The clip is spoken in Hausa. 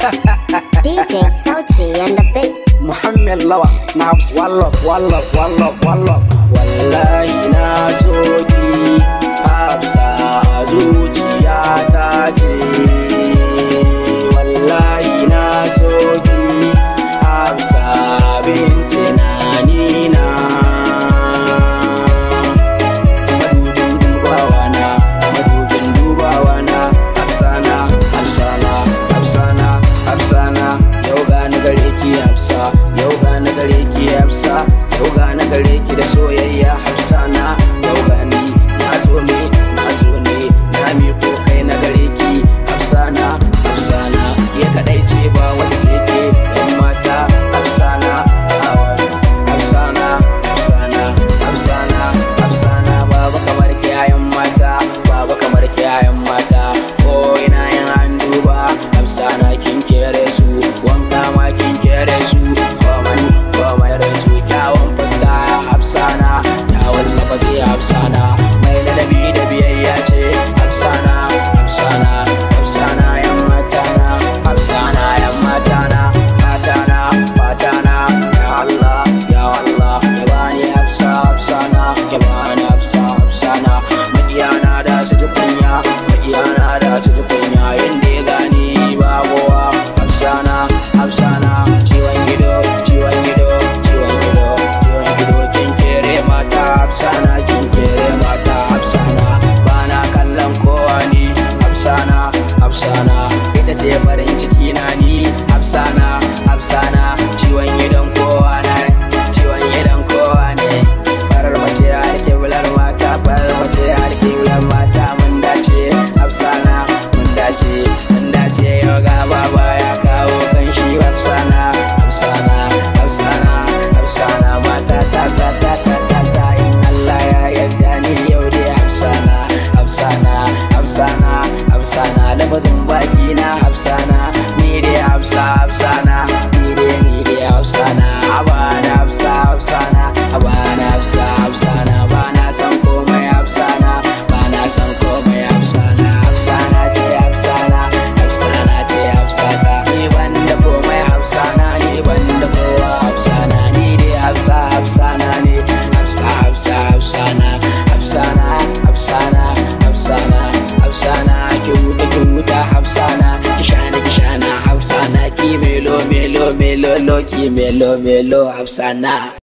DJ Sauti and the big محمد لوا نعم والله والله والله والله والله ga na gare ki da soyayya na sana ciwon gidan kowa na ciwon gidan kowa ne farar mace a rike bular mata farar mace a rike bular mata mun dace hafsana mun dace mun dace yau ga baba ya kawo kan shi hafsana hafsana hafsana hafsana mata ta ta ta ta ta ta in Allah ya yarda ni yau dai hafsana hafsana hafsana hafsana lafazin baki na hafsana ni dai hafsa mai hafsana hafsana ce hafsana ce hafsata ni ban da komai hafsana ni ban ne hafsa hafsa hafsana hafsana hafsana hafsana hafsana ki wuta ki wuta hafsana ki shana ki melo melo melo ki melo melo